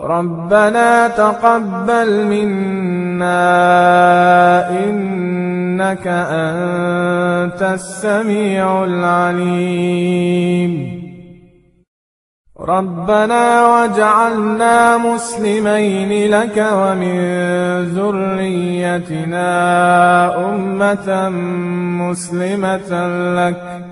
ربنا تقبل منا إنك أنت السميع العليم ربنا واجعلنا مسلمين لك ومن ذريتنا أمة مسلمة لك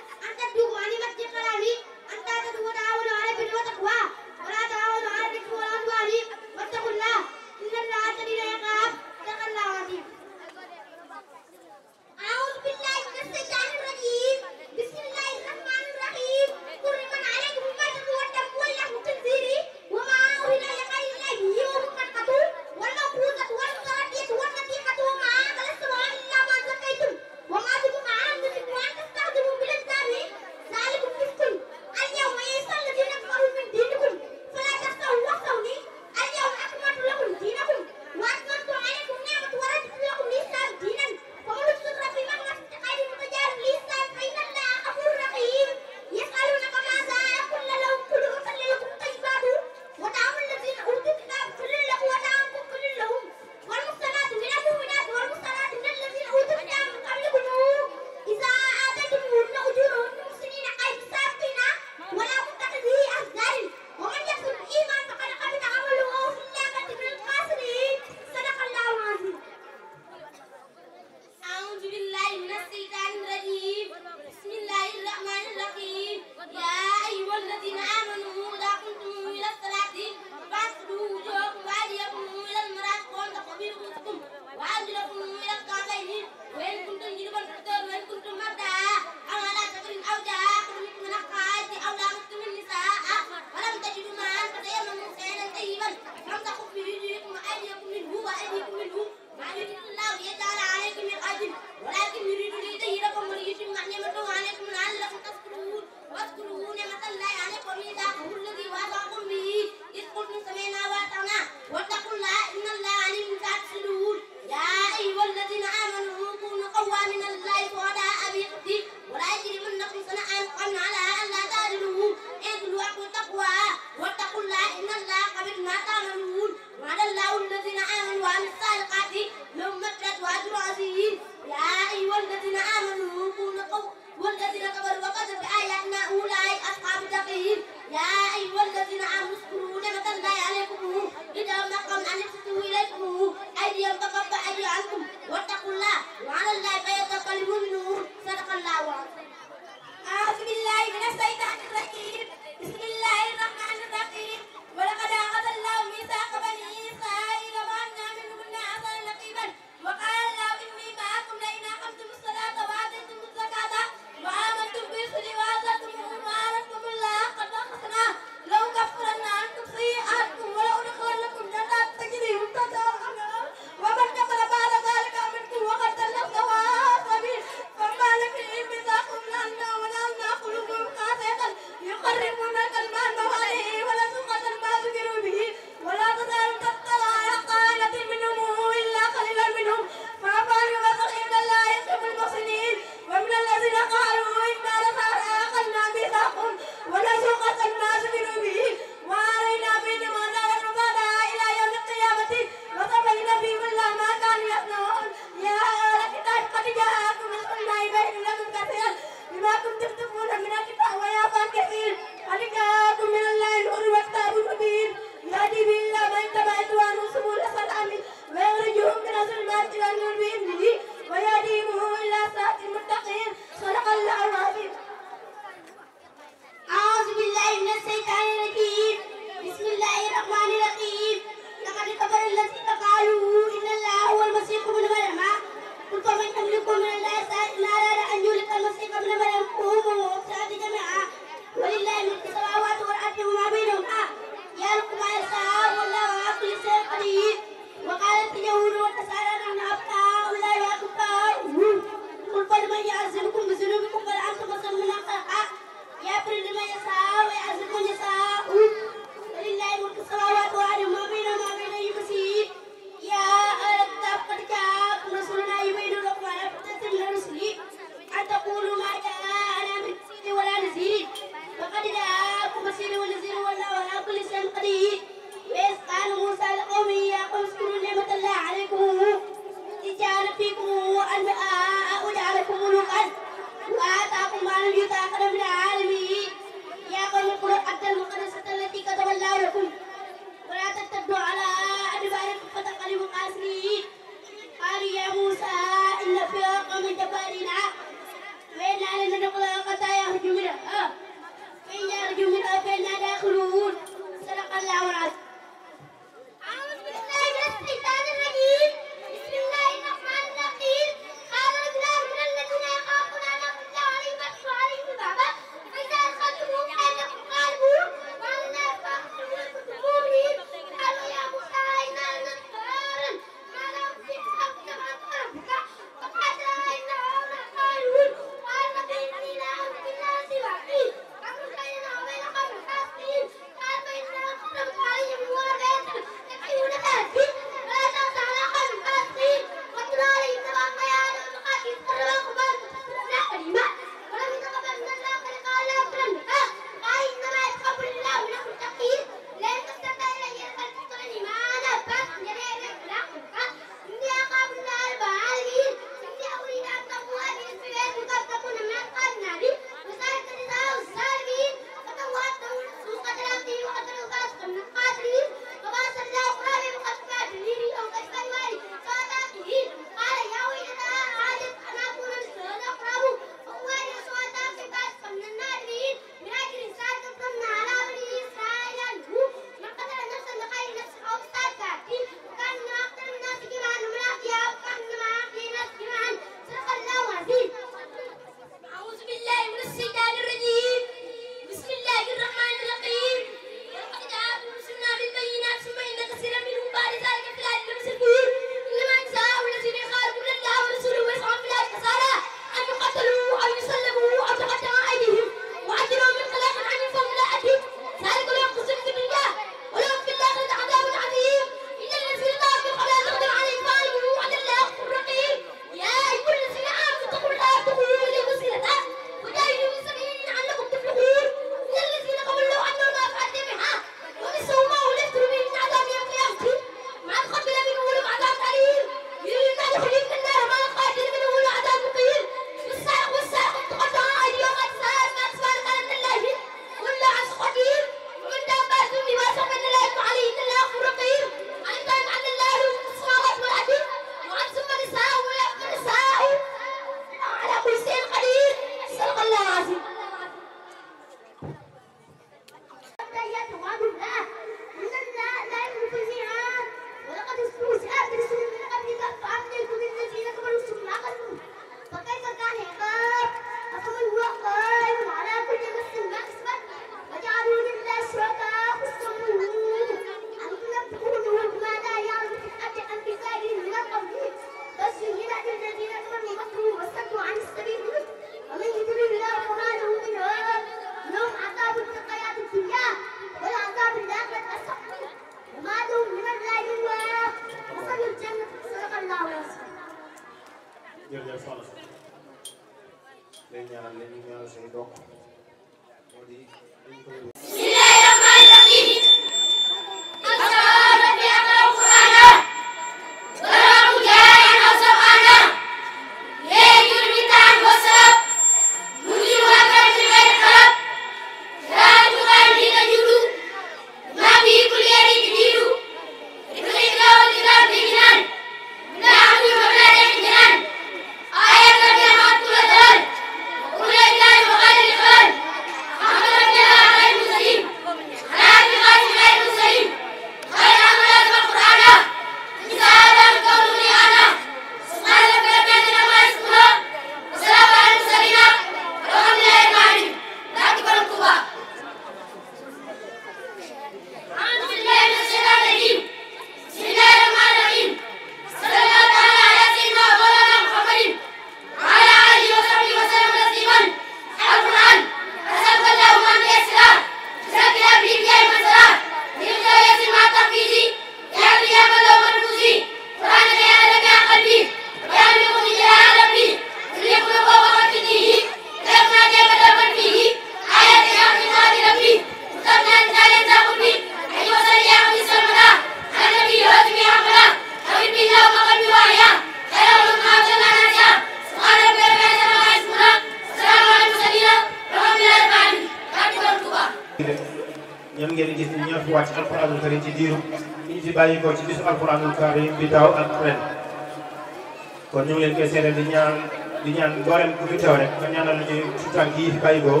di ñaan mboolem bu fi teew rek nga ñaanal ñu ci tànk yi fi bàyyikoo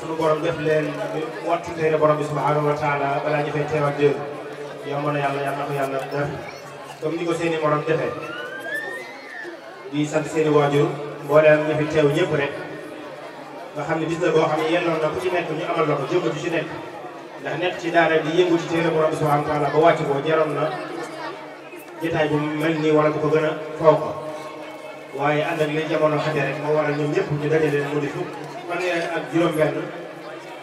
sunu borom def leen wattu téere borom bi subhanahu wa taala balaa ñu fay teewaat déwén yow a yàlla yàlla na ko yàlla def comme ni ko seen i morom di sant seen i waajur mboolem ñu fi teew ñëpp rek nga xam ne bis la boo xam ne yelloon na ku ci nekk ñu amal la ko jëkkatu ci nekk ndax nekk ci daara di yëngu ci téere bi subhanahu ba wàcc ko jaroon na jotaay bu waaye ànd ak li jamono xate rek moo waral ñoom ñëpp ñu dajale leen di fukk fanweer ak juróom-benn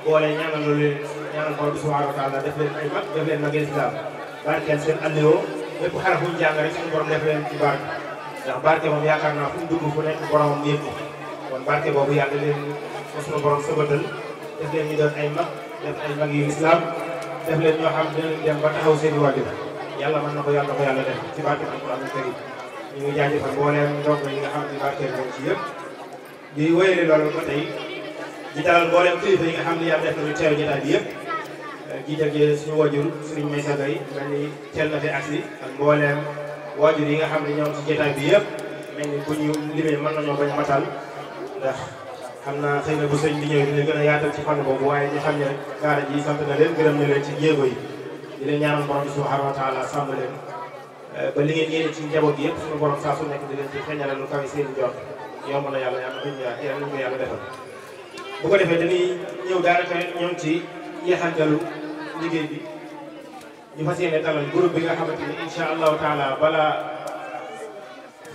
boole ñaanal loolu leen ñaanal borom bi subhanahu wa taala def leen ay mag def leen mag islam barkeel seen alléwo lépp xaraf bu ñu jàng rek suñu borom def leen ci barke ndax barke moom yaakaar naa fu dugg fu nekk boromam yëpp kon barke boobu yàlla leen ko borom def leen ñu doon ay mag def ay mag islam def leen ñoo xam dem ba taxaw seen i waajur yàlla mën na ko yàlla def ci barke alquran karim ñu ngi jaajëfal mbooleem ndongo yi nga xam ne barkeel nañ ci yëpp di wéyale loolu ba tey di dalal mbooleem kilifa yi nga xam ne yàlla yëpp jiital ji suñu wajur suñu may saga yi teel na fi agsi ak mbooleem wajur yi nga xam ne ñoom ci jotaay bi yëpp mel ni bu ñu limee mën nañoo bañ matal ndax xam naa xëy na bu sëñ bi ñëw dina gën a yaatal ci fànn boobu waaye ñu xam ne daara ji sant na leen gërëm na leen ci jéego yi di leen ñaanal borom bi subhanahu wa taala sàmm leen Euh, ba li ngeen yéene ci njaboot yëpp suñu borom saa su nekk di leen ci feeñalal lu kawe seen i jox yomb na yàlla yàlla duñu yàlla nañu ko yàlla defal bu ko defee dañuy ñëw daanaka ñoom ci yeexantalu liggéey bi ñu fas yéene dalal groupe bi nga xamante ni incha allahu taala balaa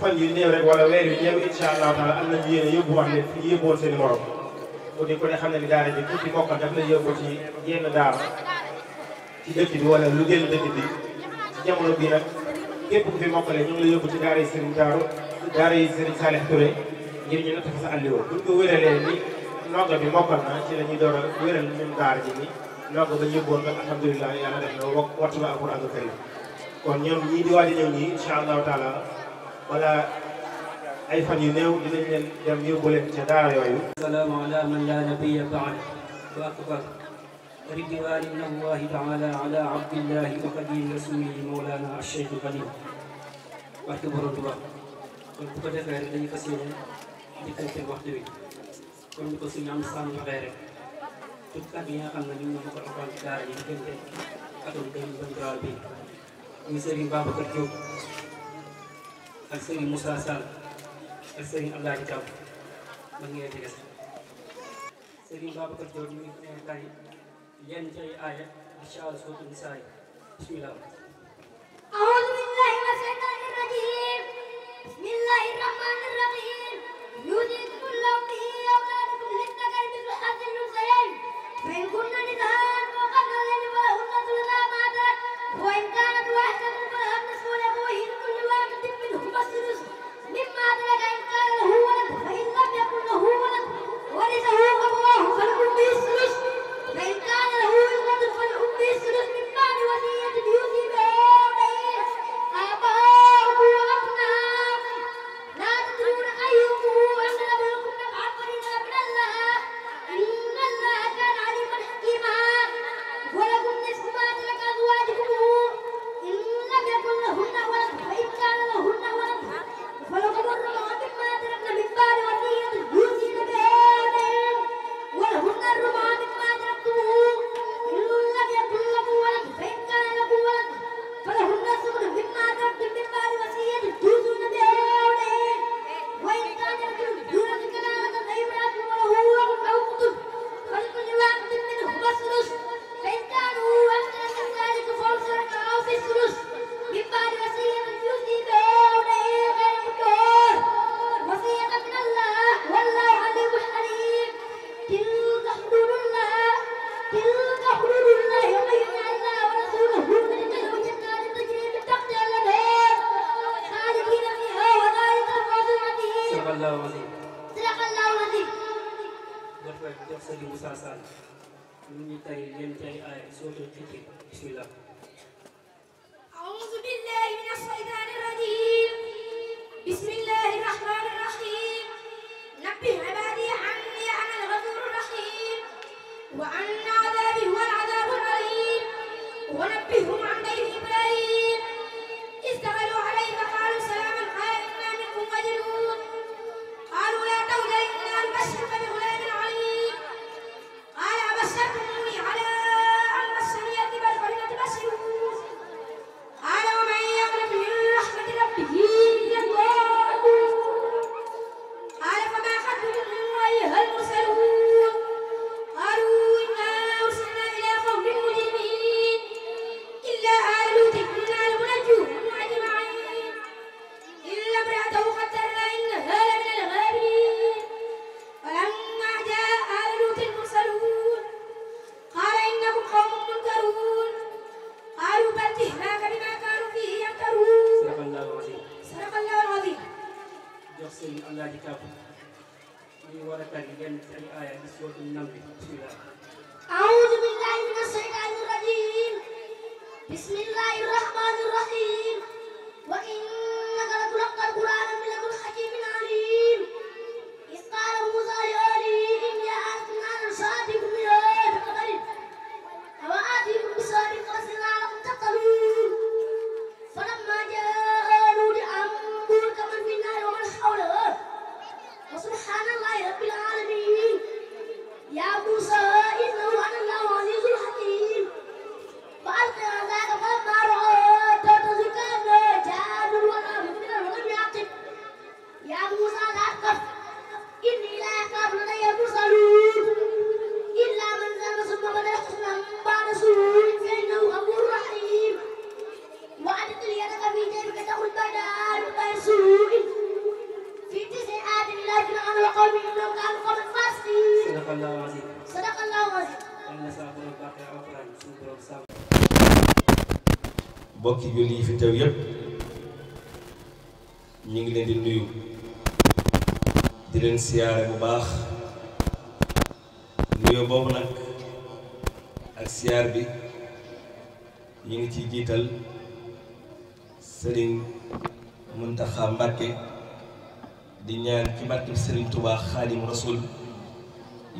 fan yu néew rek wala weer yu néew incha allahu taala am nañu yéene yóbbu wax leen fi yóbbuwoon seen i morom ku ne ku ne xam ne ni daara ji ku ci mokkal daf lay yóbbu ci yenn daara ci dëkk bi wala lu génn dëkk bi ci jamono bii nag képp ku fi mokkale ñu la yóbbu ci daara yi Serigne Darou daara yi Serigne Salih Touré ngir ñu fa sa àlliwo buñ ko wéralee ni ndongo bi mokkal na ci la ñuy door wéral ñun daara ji ni ndongo ba yóbboon nga alhamdulilah yàlla def na wa wattu ba alquran karim kon ñoom ñii di waaj ñëw ñii incha allahu taala wala ay fan yu néew dinañ leen dem yóbbu leen ca daara yooyu. salaam ala man la nabiya baad wa akbar ورضي آل من الله تعالى على عبد الله وقدير رسوله مولانا الشيخ القديم وقت برد الله كنت قد غير دي قصير دي قلت الوقت بي كنت قصير عم صانع غير كنت قد بيها قلنا لي من مقر قبال كار يمكن دي قدم بي ومسيرين باب كرتيو السيرين موسى السيرين الله يتاب من يجلس سيرين باب كرتيو من يجلس yenn ci ay aaya incha allah sootu nisaa yi bismillah teew yëpp ñu ngi leen di nuyu di leen siyaare bu baax nuyoo boobu nag ak siyaar bi ñu ngi ciy jiital Serigne Mountakha Mbacké di ñaan ci barkeb Serigne Touba Xaadimu Rasuul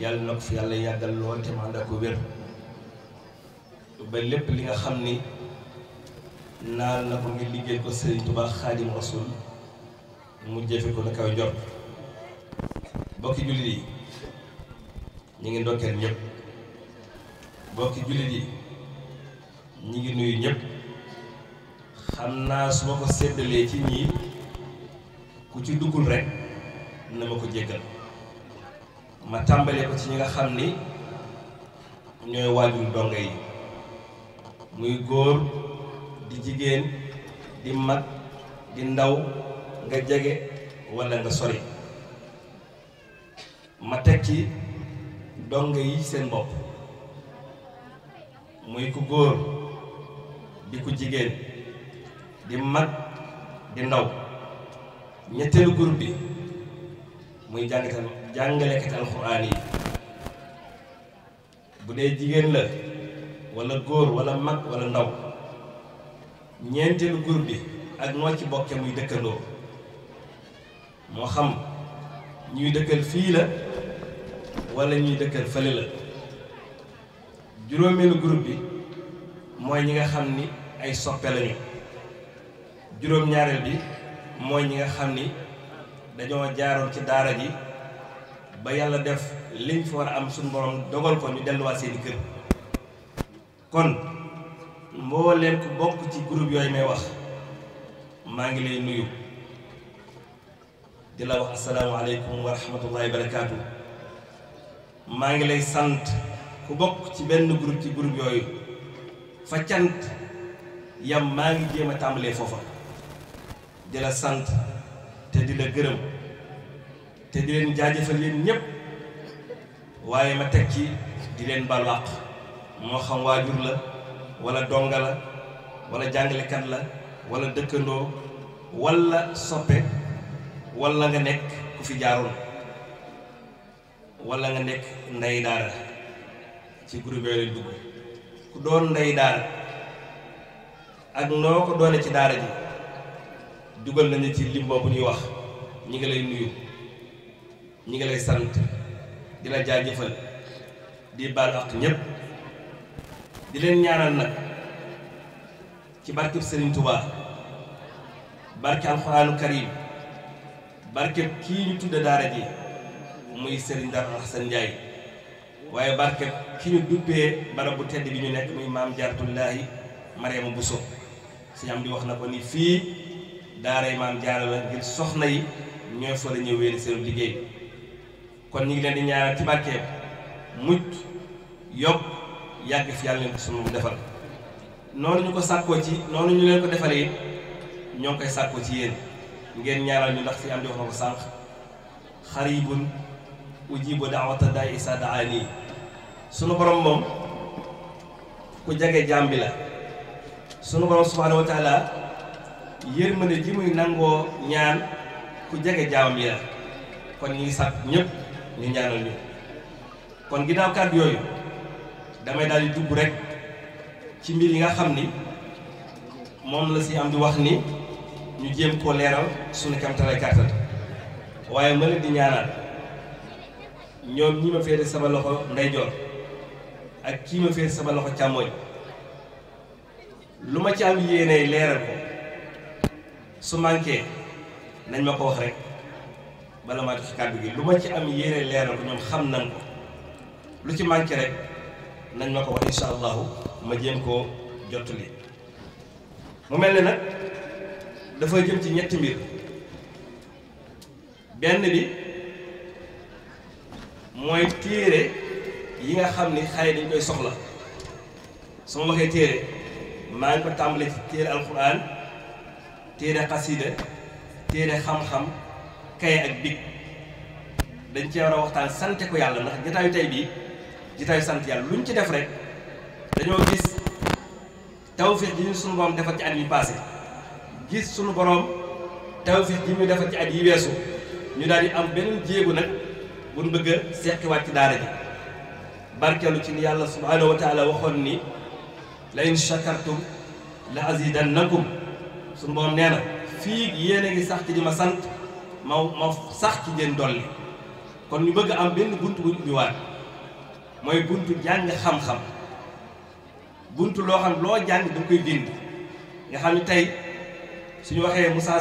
yàlla na ko fi yàlla yàggal lool te man da ko wér ba lépp li nga xam ni naal na ko ngir liggéey ko Serigne Touba Xaadim Rasul mu jëfe ko la kaw njort bokki jullit yi ñu ngi ndokkeel ñëpp bokki jullit yi ngi nuyu ñëpp xam naa su ma ko seddalee ci ñii ku ci duggul rek na ma ko jéggal ma tàmbalee ko ci ñi nga xam ni ñooy waajur donga yi muy góor jigéen di mag di ndaw nga jege walla nga sori ma teg ci dongo yi seen bopp muy ku góor di ku jigéen di mag di ndaw ñetteelu groupe bi muy jàngatal jàngalekat alxuraan yi bu dee jigéen la walla góor walla mag walla ndaw ñeenteelu groupe bi ak moo ci bokkee muy dëkkandoo moo xam ñuy dëkkal fii la walla ñuy dëkkal fële la juróomeelu groupe bi mooy ñi nga xam ni ay soppe lañu juróom-ñaareel bi mooy ñi nga xam ni dañoo jaaroo ci daara ji ba yàlla def liñ fi war a am suñu borom dogal ko ñu delluwaat seeni kër kon mbooleem ku bokk ci groupe yooyu may wax maa ngi lay nuyu di la wax asalaamaaleykum wa rahmatullahi barakaatu maa ngi lay sant ku bokk ci benn groupe ci groupe yooyu fa cant yam maa ngi jéem a tàmbalee foofa di la sant te di la gërëm te di leen jaajafal yéen ñépp waaye ma teg ci di leen balwaq moo xam waajur la wala donga la walla jàngalekat la wala dëkkandoo walla soppe wala nga nekk ku fi jaaroon wala nga nekk ndey daara ci groupe yooyu dugg ku doon ndey daara ak noo ko doone ci daara ji dugal nañu ci lim bu ñuy wax ñu ngi lay nuyu ñi ngi lay sant di la jaajëfal di baal ak ñépp di leen ñaanal nag ci barkeb Serigne Touba barke alxuraanu karim barkeb kii ñu tudde daara ji muy Serigne Dar Alxasan Ndiaye waaye barkeb ki ñu duppee barab bu tedd bi ñu nekk muy maam jaaratullaahi Mariama Bousso si am di wax na ko ni fii daaray maam jaara la ngir soxna yi ñooy fa la ñëw wéeri seen liggéey kon ñu ngi leen di ñaanal ci barkeeb mucc yokk yag fi yalla len ko sunu defal noonu ñu ko sàkkoo ci noonu ñu len ko defale ñong koy sakko ci yeen ngeen ñaaral ñu ndax fi am di wax na ko sànq xaribun ujibu da'wata da'i isa daani sunu borom mom ku jage jambi la sunu borom subhanahu wa taala yermane ji muy nango ñaan ku jage jaamam la kon ñi sak ñep ñaanal ñu kon ginaaw kaddu yoyu damay daal di dugg rek ci mbir yi nga xam ni moom la si am di wax ni ñu jéem koo leeral suñu kamtalaay kàttan waaye ma leen di ñaanal ñoom ñi ma féete sama loxo ndeyjoor ak kii ma féete sama loxo càmmooñ lu ma ci am yéene leeral ko su manqué nañ ma ko wax rek bala maa jox kàddu gi lu ma ci am yéene leeral ko ñoom xam nañ ko lu ci manqué rek nañ ma ko wax insha allahu ma jéem koo jottali mu mel ni nag dafa jëm ci ñetti mbir benn bi mooy téere yi nga xam ni xale dañ koy soxla su ma waxee téere maa ngi ko tàmbalee ci téere alquran téere xasida téere xam-xam kaye ak big dañ ci war a waxtaan sante ko yàlla ndax jataayu tey bii jitaay sant yàlla lu ñu ci def rek dañoo gis tawféex ji ñu sunu borom defal ci at yi passé gis sunu borom tawféex ji ñu defal ci at yi weesu ñu daal di am beneen jéegu nag bu ñu bëgg a seqiwaat ci daara ji barkeelu ci ni yàlla subhaanahu wa taala waxoon ni la in shakartum la azidannakum sunu borom nee na fii yéen a ngi sax ci di ma sant ma ma sax ci ngeen dolli kon ñu bëgg am benn bunt bu ñu mooy buntu jàng xam-xam buntu loo xam loo jàng da koy bind nga xam ne tey suñu waxee sàll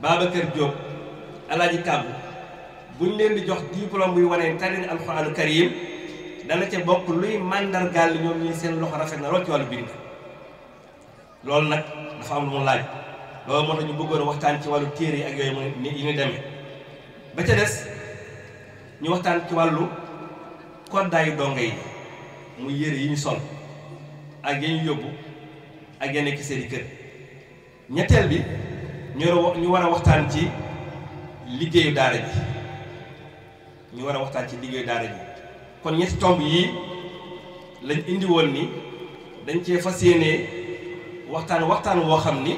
Sall kër Diop Alaaji Kàbbu buñ leen di jox diplôme buy wane tari na alxuraanu karim dana ca bokk luy màndargaal ñoom ñuy seen loxo rafet na lool ci wàllu bind loolu nag dafa am lu mu laaj loolu moo tax ñu bëggoon waxtaan ci wàllu kiir yi ak yooyu yi ñu demee ba ca des ñu waxtaan ci wàllu koddaayu dongo yi muy yére yi ñu sol ak ya yóbbu ak ya nekk seeni kër ñetteel bi ñu war a waxtaan ci liggéeyu daara ji ñu war a waxtaan ci liggéeyu daara bi kon ñetti tomb yii lañ indi woon ni dañ ci fas yéenee waxtaan waxtaan woo xam ni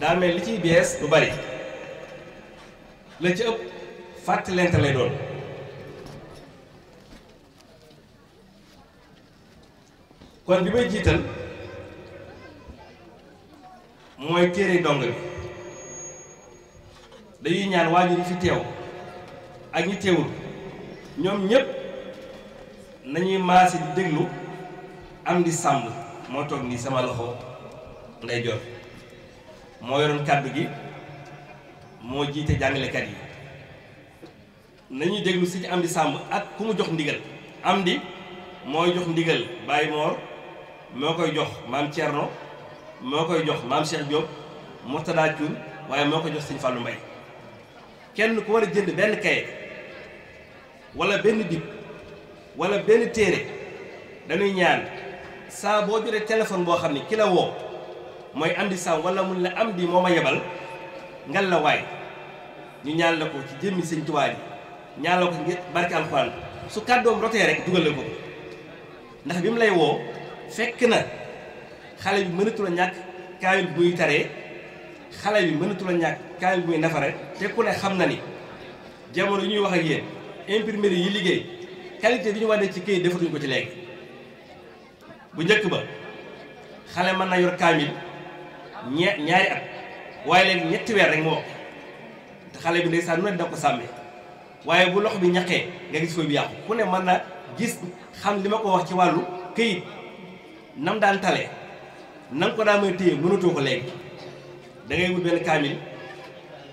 daa li ciy bees lu bari la ci ëpp fàttalente lay doon kon bi may jiital mooy téere dong bi dañuy ñaan waajur yi fi teew ak ñi teewul ñoom ñépp nañuy maase di déglu am di sàmm moo toog nii sama loxo ngay jor moo yoroon kàddu gi moo jiite jàngalekat yi nañuy déglu si ci am di sàmm ak ku mu jox ndigal am di mooy jox ndigal bàyyi moor moo koy jox maam Thierno moo koy jox maam Cheikh Diop Mourtada Thioune waaye moo koy jox Sëñ Fallou Mbaye kenn ku war a jënd benn kaye wala benn dib wala benn téere dañuy ñaan saa boo jotee téléphone boo xam ne ki la woo mooy Amdi Sam wala mun la am di moo ma yebal ngal la waay ñu ñaan la ko ci jëmmi Sëñ Tuubaa yi ñaan ko ngir barke alxuraan su kàddoom rotee rek dugal la ko ndax bi mu lay woo fekk na xale bi mënatul a ñàkk kaamil buy taree xale bi mënatul a ñàkk kaamil buy nafare te ku ne xam na ni jamono yi ñuy wax ak yéen imprimerie yi liggéey qualité bi ñu wànnee ci këyit defatuñu ko ci lekk bu njëkk ba xale mën na yor kaamil ñe ñaari at waaye léegi ñetti weer rek moo te xale bi ndeysaan nu ne dina ko sàmmee waaye bu loxo bi ñaqee nga gis fooy yàqu ku ne mën na gis xam li ma ko wax ci wàllu këyit nam daan tale nam ko daa may téye mënatoo ko léegi da ngay wut benn kaamil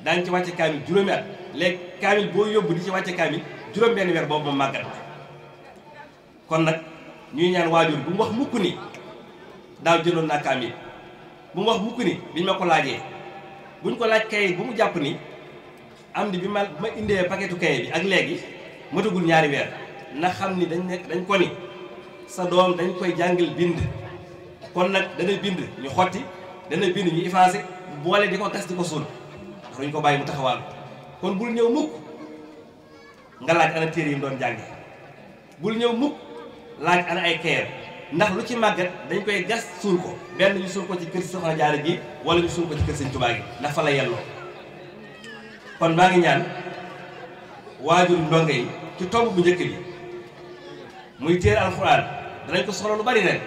daañu ci wàcce kaamil juróomi at léegi kaamil boo yóbbu di ci wàcce kaamil juróom benn weer boobu moom màggat kon nag ñuy ñaar waajur bu mu wax mukk ni daal jëndoon naa kaamil bu mu wax mukk ni biñ ma ko laajee buñ ko laaj kayit bu mu jàpp ni am di bi ma ma indee paquetu kayit bi ak léegi matagul ñaari weer na xam ni dañ nekk dañ ko ni sa doom dañ koy jàngal bind kon nag dana bind ñu xotti dana bind ñu effacé boole di ko gas di ko suul ndax duñ ko bàyyi mu taxawaal kon bul ñëw mukk nga laaj ana téere yi mu doon jànge bul ñëw mukk laaj ana ay keer ndax lu ci màggat dañ koy gas suul ko benn ñu suul ko ci kër Soxna Jaara gi wala ñu suul ko ci kër Sëñ Tuubaa gi ndax la yelloo kon maa ngi ñaan waajur ndongo yi ci tomb bu njëkk bi muy téere alxuraan danañ ko soxla lu bari ren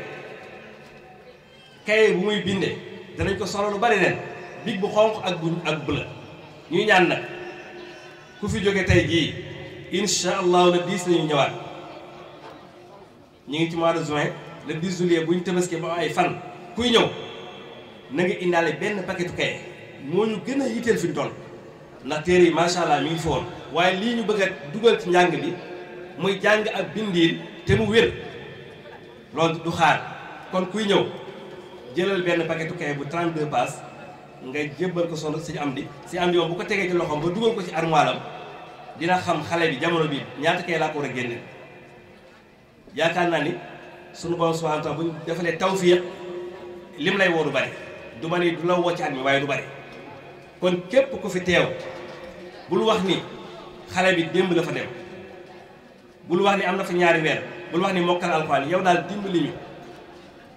kaye bu muy binde danañ ko soxla lu bari ren big bu xonq ak bu ak bëla ñuy ñaan nag ku fi jóge tey jii incha allahu le 10 la ñëwaat ñu ngi ci mois de juin le 10 juillet bu ñu tëbaskee ba ay fan kuy ñëw na nga indaale benn paquetu kaye moo ñu gën a yitteel fi ñu ndax téere yi macha allah mi ngi fi woon waaye lii ñu bëgg a dugal ci njàng bi muy jàng ak bindiin te mu wér loolu du xaar kon kuy ñëw jëlal benn paquetu kay bu 32 pass nga jébbal ko soxna si am di si am di bu ko tegee ci loxoom ba dugal ko ci armoire dina xam xale bi jamono bi ñaata kay laa ko war a génne yaakaar naa ni sunu borom subhanahu wa taala bu ñu defalee tawfiq lim lay woo du bari du ma du la woo ci at mi waaye du bari kon képp ku fi teew bul wax ni xale bi démb la fa dem bul wax ni am na fa ñaari weer bul wax ni mokkal alxuraan yow daal dimbali ñu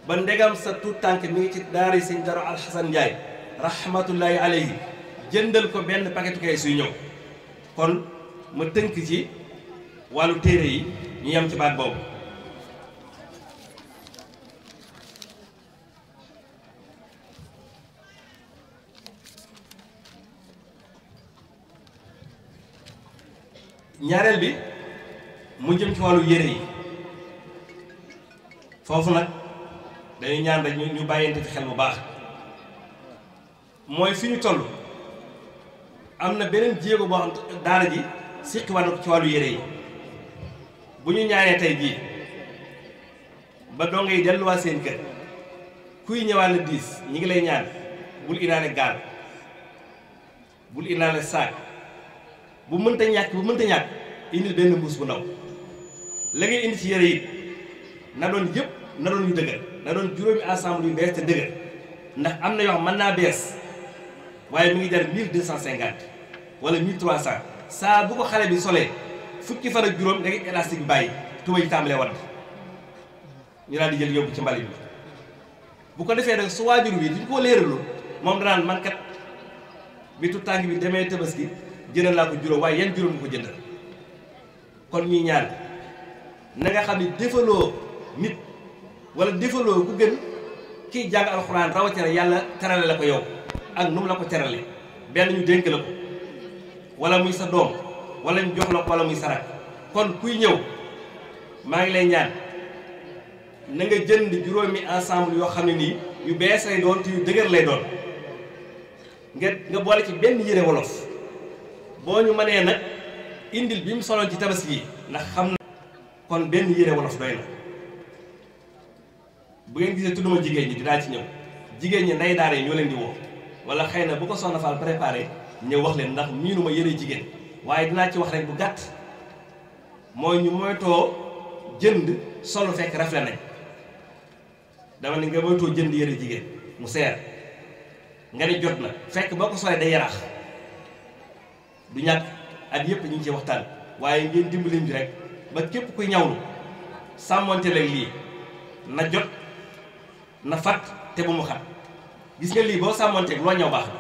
ba ndegam sa tuut tànk mi ngi ci daari sëñ Daro Alxasan Njaay rahmatullahi alayhi jëndal ko benn paquetu kay suy ñëw kon ma tënk ci wàllu téere yi ñu yem ci baat boobu ñaareel bi mu jëm ci wàllu yére yi foofu nag dañuy ñaan rek ñu bàyyante fi xel bu baax mooy fi ñu toll am na beneen jéego boo xam daara ji siqi wàllu ci wàllu yére yi bu ñu ñaanee tey jii ba dongo yi delluwaat seen kër kuy ñëwaat la diis ñi ngi lay ñaan bul inaane gaal bul indaale saak bu mënta ñàkk bu mënta ñàkk indil benn mbuus bu ndaw la indi ci yére yi na doon yëpp na doon yu dëgër na doon juróomi ensemble yu bees te dëgër ndax am na yoo xam mën naa bees waaye mi ngi jar mille deux cent cinquante wala mille trois cent saa bu ko xale bi solee fukki fan ak juróom da ngay élastique bi bàyyi tuba yi tàmbalee wadd ñu daal di jël yóbbu ci mbalit bi bu ko defee nag su waajur wi duñ koo léeralu moom danaan man kat bi tu tànk bi demee tabaski jëndal laa ko juróom waaye yan juróom nga ko jëndal kon ñuy ñaan na nga xam ne defaloo nit wala defaloo ku gën kii jàng alxuraan rawatina yàlla terale la ko yow ak nu mu la ko terale benn ñu dénk la ko wala muy sa doom wala ñu jox la ko wala muy sarak kon kuy ñëw maa ngi lay ñaan na nga jënd juróomi ensemble yoo xam ne nii yu bees lay doon te yu dëgër lay doon nga nga boole ci benn yére wolos boo ñu mënee nag indil bi mu soloon ci tabaski yi ndax xam na kon benn yére wolos doy na bu ngeen gisee tudduma jigéen ñi dinaa ci ñëw jigéen ñi nday daara yi ñoo leen di woo wala xëy na bu ko soxna Fall préparé ñëw wax leen ndax miinu ma yëre jigéen waaye dinaa ci wax rek bu gàtt mooy ñu moytoo jënd solo fekk rafet nañ dama ne nga moytoo jënd yëre jigéen mu seer nga ne jot na fekk boo ko solee day yaraax du ñàkk at yëpp ñu ngi ci waxtaan waaye ngeen dimbali ñu rek ba képp kuy ñawlu sàmmoonte leen lii na jot na fat te bu mu xam gis nga lii boo sàmmanteeg loo ñëw baax na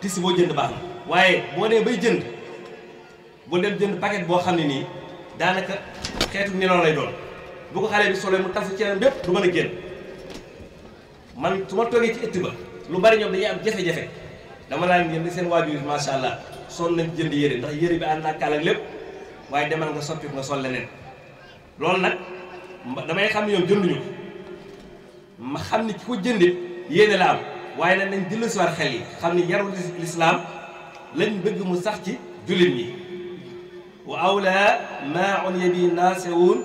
tissu boo jënd baax na waaye boo nee bay jënd boo dem jënd paquet boo xam ne nii daanaka xeetu nilon lay doon bu ko xale bi solee mu tasu ceeram bépp du mën a génn man su ma toogee ci ëtt ba lu bari ñoom dañuy am jafe-jafe dama naan ngeen di seen waajur yi allah sonn nañ jënd yére ndax yére bi ànd naa kaal ak lépp waaye demal nga soppi nga sol leneen loolu nag damay xam ne ñoom jënduñu ما خامني كيكو جندي يينا لام واي لا نان ديلو سوار خالي خامني يارو الاسلام لا ن بغ مو ساخ تي جوليم ني واولا ما عن يبي الناسون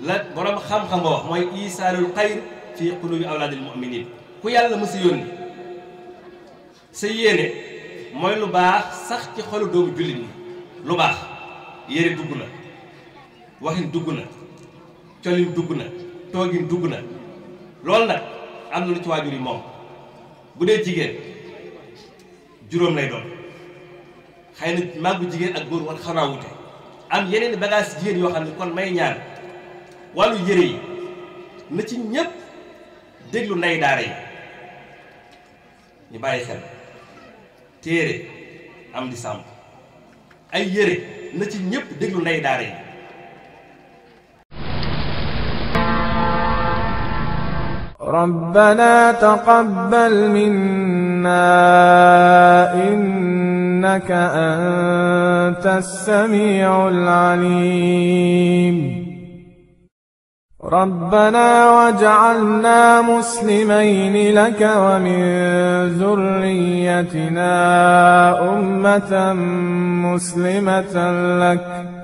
لا بروم خام خام واخ موي ايصال الخير في قلوب اولاد المؤمنين كو يالا مسا يوني سي يينه موي لو باخ ساخ تي خولو دوم جوليم ني لو باخ يري دغنا واخين دغنا تيالين دغنا توغين دغنا loolu nag am na lu ci waajur yi moom bu dee jigéen juróom lay doon xëy na màggu jigéen ak góor war xanaa wute am yeneen bagage jigéen yoo xam ne kon may ñaar wàllu yére yi na ci ñëpp déglu nday daara yi ñu bàyyi xel téere am di sàmm ay yére na ci ñëpp déglu nday daara yi ربنا تقبل منا إنك أنت السميع العليم ربنا واجعلنا مسلمين لك ومن ذريتنا أمة مسلمة لك